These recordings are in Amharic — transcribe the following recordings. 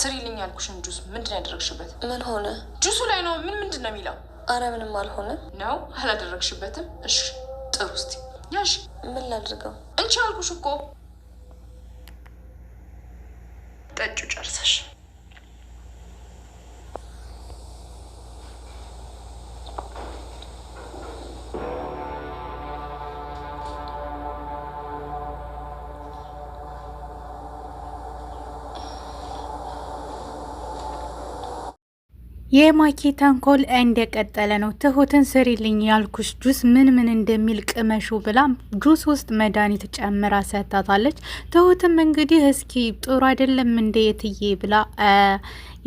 ስሪልኝ ያልኩሽን ጁስ ምንድን ያደረግሽበት? ምን ሆነ? ጁሱ ላይ ነው። ምን ምንድን ነው የሚለው? አረ ምንም አልሆነ ነው። አላደረግሽበትም? እሺ ጥሩ። እስኪ ያሽ ምን ላድርገው? እንቺ አልኩሽ እኮ ጠጩ ጨርሰሽ የማኪ ተንኮል እንደቀጠለ ነው። ትሁትን ስሪልኝ ያልኩሽ ጁስ ምን ምን እንደሚል ቅመሹ ብላ ጁስ ውስጥ መድኃኒት ጨምራ ሰታታለች። ትሁትም እንግዲህ እስኪ ጥሩ አይደለም እንደ የትዬ ብላ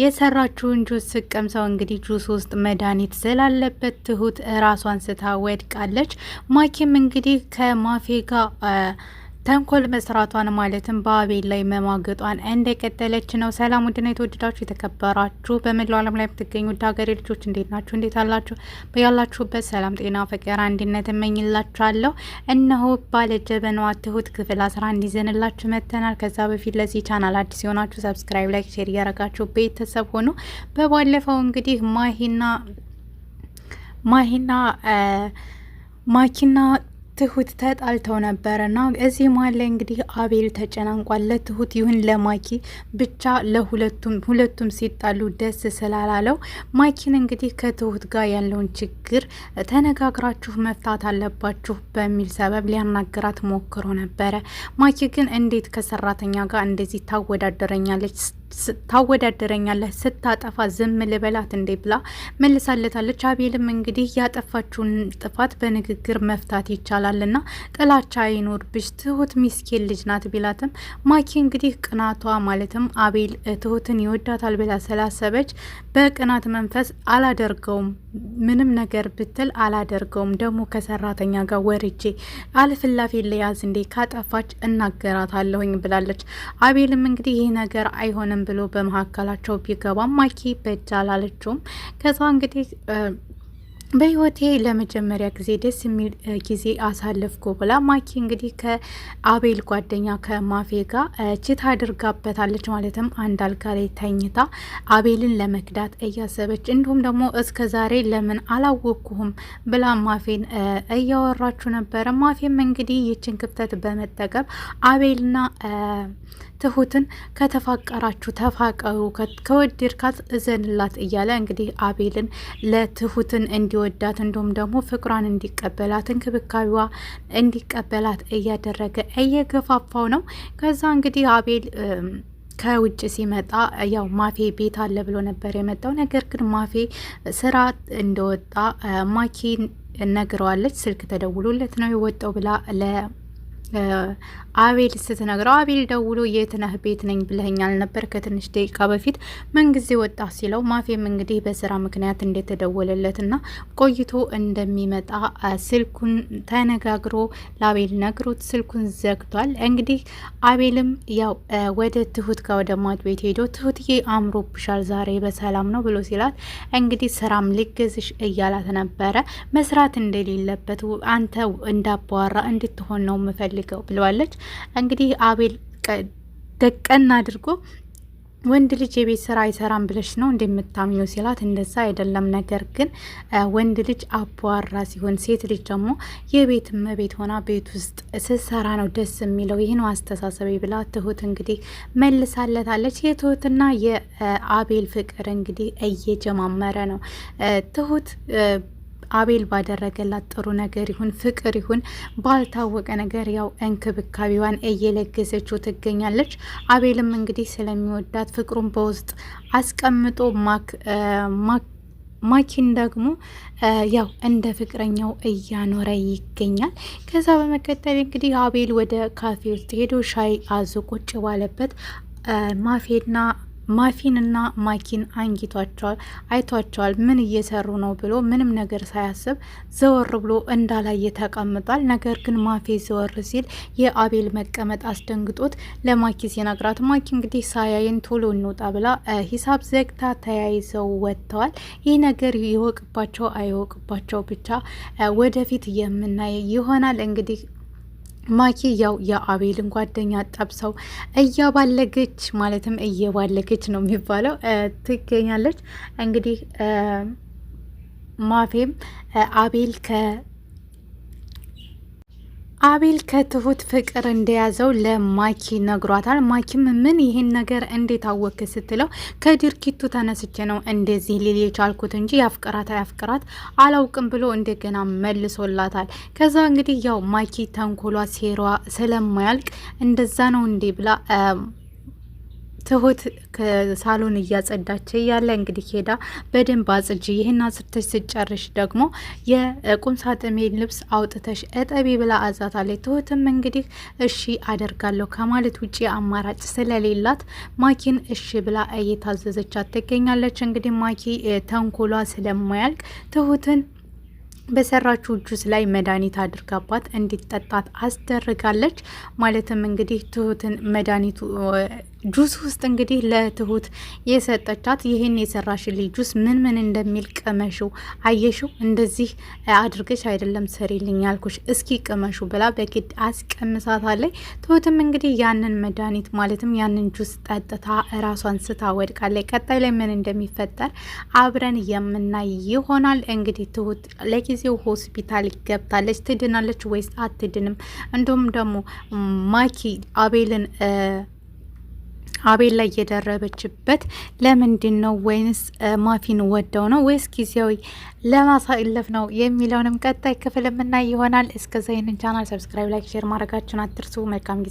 የሰራችውን ጁስ ስቀምሰው እንግዲህ ጁስ ውስጥ መድኃኒት ስላለበት ትሁት ራሷን ስታ ወድቃለች። ማኪም እንግዲህ ከማፌ ጋር ተንኮል መስራቷን ማለትም በአቤል ላይ መማገጧን እንደቀጠለች ነው። ሰላም ውድና የተወደዳችሁ የተከበራችሁ በመላው ዓለም ላይ የምትገኙ ውድ ሀገሬ ልጆች እንዴት ናችሁ? እንዴት አላችሁ? በያላችሁበት ሰላም፣ ጤና፣ ፍቅር፣ አንድነት እመኝላችኋለሁ። እነሆ ባለጀበናዋ ትሁት ክፍል አስራ አንድ ይዘንላችሁ መጥተናል። ከዛ በፊት ለዚህ ቻናል አዲስ የሆናችሁ ሰብስክራይብ፣ ላይክ፣ ሼር እያረጋችሁ ቤተሰብ ሆኖ በባለፈው እንግዲህ ማሂና ማሂና ማኪና ትሁት ተጣልተው ነበረ እና እዚህ መሀል ላይ እንግዲህ አቤል ተጨናንቋል። ለትሁት ይሁን ለማኪ ብቻ ለሁለቱም ሁለቱም ሲጣሉ ደስ ስላላለው ማኪን እንግዲህ ከትሁት ጋር ያለውን ችግር ተነጋግራችሁ መፍታት አለባችሁ በሚል ሰበብ ሊያናግራት ሞክሮ ነበረ። ማኪ ግን እንዴት ከሰራተኛ ጋር እንደዚህ ታወዳደረኛለች ታወዳደረኛለህ ስታጠፋ ዝም ልበላት እንዴ ብላ መልሳለታለች። አቤልም እንግዲህ ያጠፋችውን ጥፋት በንግግር መፍታት ይቻላልና ጥላቻ አይኖርብሽ ትሁት ሚስኪን ልጅ ናት ቢላትም ማኪ እንግዲህ ቅናቷ ማለትም አቤል ትሁትን ይወዳታል ብላ ስላሰበች በቅናት መንፈስ አላደርገውም ምንም ነገር ብትል አላደርገውም፣ ደግሞ ከሰራተኛ ጋር ወርጄ አልፍላፊ ለያዝ እንዴ ካጠፋች እናገራታለሁኝ ብላለች። አቤልም እንግዲህ ይህ ነገር አይሆንም ብሎ በመካከላቸው ቢገባም ማኪ በእጅ አላለችውም። ከዛ እንግዲህ በህይወቴ ለመጀመሪያ ጊዜ ደስ የሚል ጊዜ አሳለፍኩ ብላ ማኪ እንግዲህ ከአቤል ጓደኛ ከማፌ ጋር ችት አድርጋበታለች። ማለትም አንድ አልጋ ላይ ተኝታ አቤልን ለመክዳት እያሰበች እንዲሁም ደግሞ እስከ ዛሬ ለምን አላወቅኩሁም ብላ ማፌን እያወራችሁ ነበረ። ማፌም እንግዲህ ይችን ክፍተት በመጠቀም አቤልና ትሁትን ከተፋቀራችሁ ተፋቀሩ፣ ከወደድካት እዘንላት እያለ እንግዲህ አቤልን ለትሁትን እንዲ እንዲወዳት እንዲሁም ደግሞ ፍቅሯን እንዲቀበላት እንክብካቤዋ እንዲቀበላት እያደረገ እየገፋፋው ነው። ከዛ እንግዲህ አቤል ከውጭ ሲመጣ ያው ማፌ ቤት አለ ብሎ ነበር የመጣው። ነገር ግን ማፌ ስራ እንደወጣ ማኪን ነግረዋለች። ስልክ ተደውሎለት ነው የወጣው ብላ አቤል ስትነግረው አቤል ደውሎ የት ነህ ቤት ነኝ ብለኸኛል ነበር ከትንሽ ደቂቃ በፊት ምንጊዜ ወጣ ሲለው ማፌም እንግዲህ በስራ ምክንያት እንደተደወለለት ና ቆይቶ እንደሚመጣ ስልኩን ተነጋግሮ ለአቤል ነግሮት ስልኩን ዘግቷል። እንግዲህ አቤልም ያው ወደ ትሁት ጋር ወደ ማት ቤት ሄዶ ትሁትዬ አምሮብሻል ዛሬ በሰላም ነው ብሎ ሲላት እንግዲህ ስራም ልገዝሽ እያላት ነበረ መስራት እንደሌለበት አንተ እንዳባወራ እንድትሆን ነው ምፈል የምፈልገው ብለዋለች። እንግዲህ አቤል ደቀና አድርጎ ወንድ ልጅ የቤት ስራ አይሰራም ብለሽ ነው እንደምታምኘው ሲላት፣ እንደዛ አይደለም ነገር ግን ወንድ ልጅ አቧራ ሲሆን ሴት ልጅ ደግሞ የቤት እመቤት ሆና ቤት ውስጥ ስትሰራ ነው ደስ የሚለው ይህን አስተሳሰብ ብላ ትሁት እንግዲህ መልሳለታለች። የትሁትና የአቤል ፍቅር እንግዲህ እየጀማመረ ነው ትሁት አቤል ባደረገላት ጥሩ ነገር ይሁን ፍቅር ይሁን ባልታወቀ ነገር ያው እንክብካቤዋን እየለገሰችው ትገኛለች። አቤልም እንግዲህ ስለሚወዳት ፍቅሩን በውስጥ አስቀምጦ ማኪን ደግሞ ያው እንደ ፍቅረኛው እያኖረ ይገኛል። ከዛ በመከተል እንግዲህ አቤል ወደ ካፌ ውስጥ ሄዶ ሻይ አዞ ቁጭ ባለበት ማፌና ማፊንና ማኪን አንጊቷቸዋል፣ አይቷቸዋል። ምን እየሰሩ ነው ብሎ ምንም ነገር ሳያስብ ዘወር ብሎ እንዳላየ ተቀምጧል። ነገር ግን ማፌ ዘወር ሲል የአቤል መቀመጥ አስደንግጦት ለማኪ ሲነግራት ማኪ እንግዲህ ሳያይን ቶሎ እንውጣ ብላ ሂሳብ ዘግታ ተያይዘው ወጥተዋል። ይህ ነገር ይወቅባቸው አይወቅባቸው ብቻ ወደፊት የምናየ ይሆናል እንግዲህ ማኪ ያው የአቤልን ጓደኛ ጠብሰው እያባለገች ማለትም እየባለገች ነው የሚባለው ትገኛለች። እንግዲህ ማፌም አቤል ከ አቤል ከትሁት ፍቅር እንደያዘው ለማኪ ነግሯታል። ማኪም ምን ይህን ነገር እንዴት አወክ ስትለው ከድርጊቱ ተነስቼ ነው እንደዚህ ሊል የቻልኩት እንጂ ያፍቅራት አያፍቅራት አላውቅም ብሎ እንደገና መልሶላታል። ከዛ እንግዲህ ያው ማኪ ተንኮሏ ሴሯ ስለማያልቅ እንደዛ ነው እንዴ ብላ ትሁት ሳሎን እያጸዳች እያለ እንግዲህ ሄዳ በደንብ አጽጅ ይህን አጽድተሽ ስጨርሽ ደግሞ የቁም ሳጥሜን ልብስ አውጥተሽ እጠቢ ብላ አዛታለች። ትሁትም እንግዲህ እሺ አደርጋለሁ ከማለት ውጭ አማራጭ ስለሌላት ማኪን እሺ ብላ እየታዘዘቻት ትገኛለች። እንግዲህ ማኪ ተንኮሏ ስለማያልቅ ትሁትን በሰራችው ጁስ ላይ መድኃኒት አድርጋባት እንዲጠጣት አስደርጋለች። ማለትም እንግዲህ ትሁትን መድኃኒቱ ጁስ ውስጥ እንግዲህ ለትሁት የሰጠቻት ይህን የሰራሽልኝ ጁስ ምን ምን እንደሚል ቅመሽው፣ አየሽው፣ እንደዚህ አድርገሽ አይደለም ሰሪልኝ ያልኩሽ፣ እስኪ ቅመሹ ብላ በግድ አስቀምሳታለች። ትሁትም እንግዲህ ያንን መድኃኒት ማለትም ያንን ጁስ ጠጥታ እራሷን ስታ ወድቃለች። ቀጣይ ላይ ምን እንደሚፈጠር አብረን የምናይ ይሆናል። እንግዲህ ትሁት ለጊዜው ሆስፒታል ገብታለች። ትድናለች ወይስ አትድንም? እንዲሁም ደግሞ ማኪ አቤልን አቤል ላይ የደረበችበት ለምንድን ነው? ወይንስ ማፊን ወደው ነው ወይስ ጊዜያዊ ለማሳለፍ ነው የሚለውንም ቀጣይ ክፍል የምናይ ይሆናል። እስከዛ ይህንን ቻናል ሰብስክራይብ፣ ላይክ፣ ሼር ማድረጋችሁን አትርሱ። መልካም ጊዜ